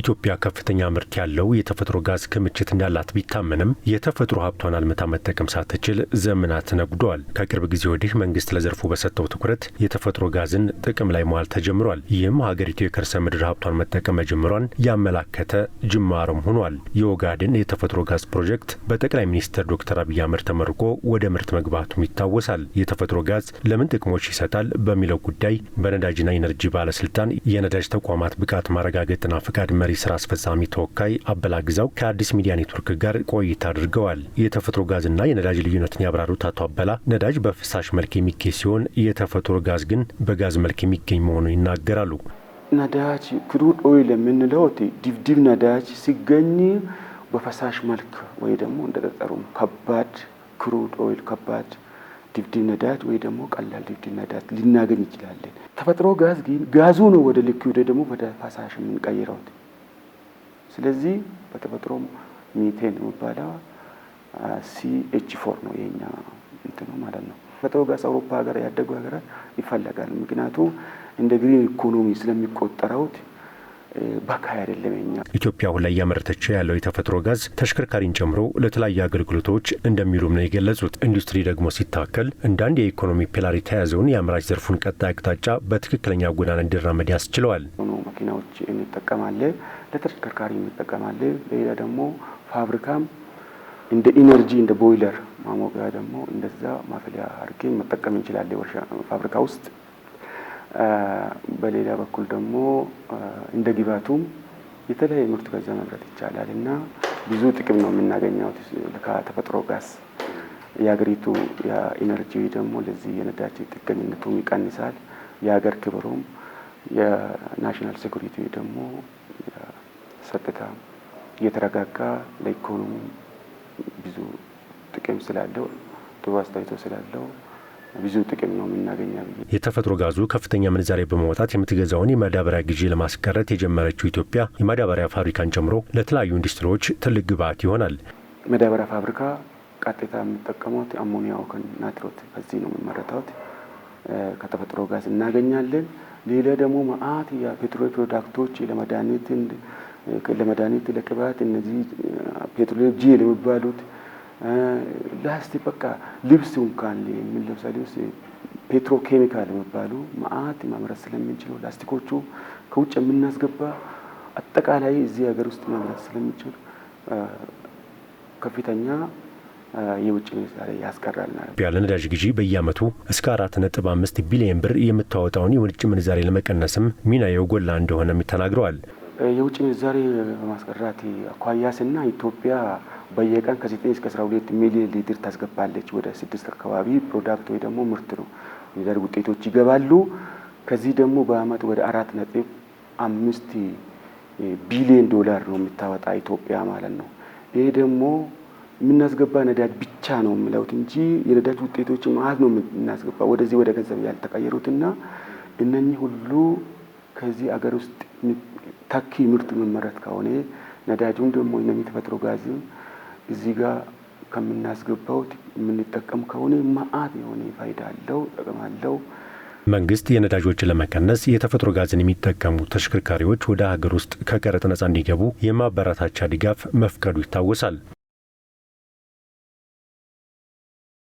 ኢትዮጵያ ከፍተኛ ምርት ያለው የተፈጥሮ ጋዝ ክምችት እንዳላት ቢታመንም የተፈጥሮ ሀብቷን አልምታ መጠቀም ሳትችል ዘመናት ነጉደዋል። ከቅርብ ጊዜ ወዲህ መንግስት ለዘርፉ በሰጠው ትኩረት የተፈጥሮ ጋዝን ጥቅም ላይ መዋል ተጀምሯል። ይህም ሀገሪቱ የከርሰ ምድር ሀብቷን መጠቀም መጀመሯን ያመላከተ ጅማሮም ሆኗል። የኦጋዴን የተፈጥሮ ጋዝ ፕሮጀክት በጠቅላይ ሚኒስትር ዶክተር አብይ አህመድ ተመርቆ ወደ ምርት መግባቱም ይታወሳል። የተፈጥሮ ጋዝ ለምን ጥቅሞች ይሰጣል በሚለው ጉዳይ በነዳጅና ኢነርጂ ባለስልጣን የነዳጅ ተቋማት ብቃት ማረጋገጥና ፍቃድ መሪ ስራ አስፈጻሚ ተወካይ አበላ ግዛው ከአዲስ ሚዲያ ኔትወርክ ጋር ቆይታ አድርገዋል። የተፈጥሮ ጋዝና የነዳጅ ልዩነትን ያብራሩት አቶ አበላ ነዳጅ በፍሳሽ መልክ የሚገኝ ሲሆን የተፈጥሮ ጋዝ ግን በጋዝ መልክ የሚገኝ መሆኑን ይናገራሉ። ነዳጅ ክሩድ ኦይል የምንለው ድብድብ ነዳጅ ሲገኝ በፈሳሽ መልክ ወይ ደግሞ እንደ ከባድ ክሩድ ኦይል ከባድ ድፍድፍ ነዳጅ ወይ ደግሞ ቀላል ድፍድፍ ነዳጅ ልናገኝ ይችላለን። ተፈጥሮ ጋዝ ግን ጋዙ ነው ወደ ልክ ወደ ደግሞ ወደ ፈሳሽ የምንቀይረው ስለዚህ በተፈጥሮም ሚቴን የሚባለው ሲኤች ፎር ነው የኛ እንትኑ ማለት ነው። ተፈጥሮ ጋዝ አውሮፓ ሀገር ያደጉ ሀገራት ይፈለጋል። ምክንያቱ እንደ ግሪን ኢኮኖሚ ስለሚቆጠረውት በካ አይደለም ኛ ኢትዮጵያ አሁን ላይ እያመረተችው ያለው የተፈጥሮ ጋዝ ተሽከርካሪን ጨምሮ ለተለያዩ አገልግሎቶች እንደሚሉም ነው የገለጹት። ኢንዱስትሪ ደግሞ ሲታከል እንደ አንድ የኢኮኖሚ ፒላር የተያዘውን የአምራች ዘርፉን ቀጣይ አቅጣጫ በትክክለኛ ጎዳና እንዲራመድ ያስችለዋል። መኪናዎች እንጠቀማለ፣ ለተሽከርካሪ እንጠቀማለ። ሌላ ደግሞ ፋብሪካም እንደ ኢነርጂ እንደ ቦይለር ማሞቂያ ደግሞ እንደዛ ማፈሊያ አድርገን መጠቀም እንችላለን ፋብሪካ ውስጥ። በሌላ በኩል ደግሞ እንደ ግባቱም የተለያየ ምርት ከዛ መምረት ይቻላል እና ብዙ ጥቅም ነው የምናገኘው ከተፈጥሮ ጋስ የሀገሪቱ የኢነርጂ ደግሞ ለዚህ የነዳጅ ጥገኝነቱም ይቀንሳል። የሀገር ክብሩም የናሽናል ሴኩሪቲ ደግሞ የጸጥታ እየተረጋጋ ለኢኮኖሚ ብዙ ጥቅም ስላለው ጥሩ አስተዋጽኦ ስላለው ብዙ ጥቅም ነው የምናገኘው። የተፈጥሮ ጋዙ ከፍተኛ ምንዛሬ በማውጣት የምትገዛውን የማዳበሪያ ግዢ ለማስቀረት የጀመረችው ኢትዮጵያ የማዳበሪያ ፋብሪካን ጨምሮ ለተለያዩ ኢንዱስትሪዎች ትልቅ ግብዓት ይሆናል። ማዳበሪያ ፋብሪካ ቀጥታ የምጠቀሙት ወክን ናትሮት በዚህ ነው የምመረታውት ከተፈጥሮ ጋዝ እናገኛለን። ሌላ ደግሞ መአት የፔትሮ ፕሮዳክቶች ለመድኃኒት፣ ለቅባት እነዚህ ፔትሮሌ ጄል የሚባሉት ላስቲክ በቃ ልብስ እንኳን የምንለብሳ ልብስ ፔትሮ ኬሚካል የሚባሉ መአት ማምረት ስለምንችለው ላስቲኮቹ ከውጭ የምናስገባ አጠቃላይ እዚህ ሀገር ውስጥ ማምረት ስለምንችል ከፍተኛ የውጭ ምንዛሪ ያስቀራል ማለት ነዳጅ ግዢ በየአመቱ እስከ አራት ነጥብ አምስት ቢሊየን ብር የምታወጣውን የውጭ ምንዛሬ ለመቀነስም ሚና ጎላ እንደሆነም ተናግረዋል። የውጭ ምንዛሬ በማስቀራት አኳያስና ኢትዮጵያ በየቀን ከ9 እስከ 12 ሚሊዮን ሊትር ታስገባለች። ወደ ስድስት አካባቢ ፕሮዳክት ወይ ደግሞ ምርት ነው የዘር ውጤቶች ይገባሉ። ከዚህ ደግሞ በአመት ወደ አራት ነጥብ አምስት ቢሊዮን ዶላር ነው የምታወጣ ኢትዮጵያ ማለት ነው። ይሄ ደግሞ የምናስገባ ነዳጅ ብቻ ነው የምለውት እንጂ የነዳጅ ውጤቶች ማለት ነው የምናስገባ ወደዚህ ወደ ገንዘብ ያልተቀየሩት ያልተቀየሩትና እነኚህ ሁሉ ከዚህ አገር ውስጥ ታኪ ምርት መመረት ከሆነ ነዳጁም ደግሞ ነ የተፈጥሮ ጋዝም እዚህ ጋር ከምናስገባው የምንጠቀም ከሆነ ማአት የሆነ ፋይዳ አለው፣ ጥቅም አለው። መንግስት የነዳጆችን ለመቀነስ የተፈጥሮ ጋዝን የሚጠቀሙ ተሽከርካሪዎች ወደ ሀገር ውስጥ ከቀረጥ ነጻ እንዲገቡ የማበረታቻ ድጋፍ መፍቀዱ ይታወሳል።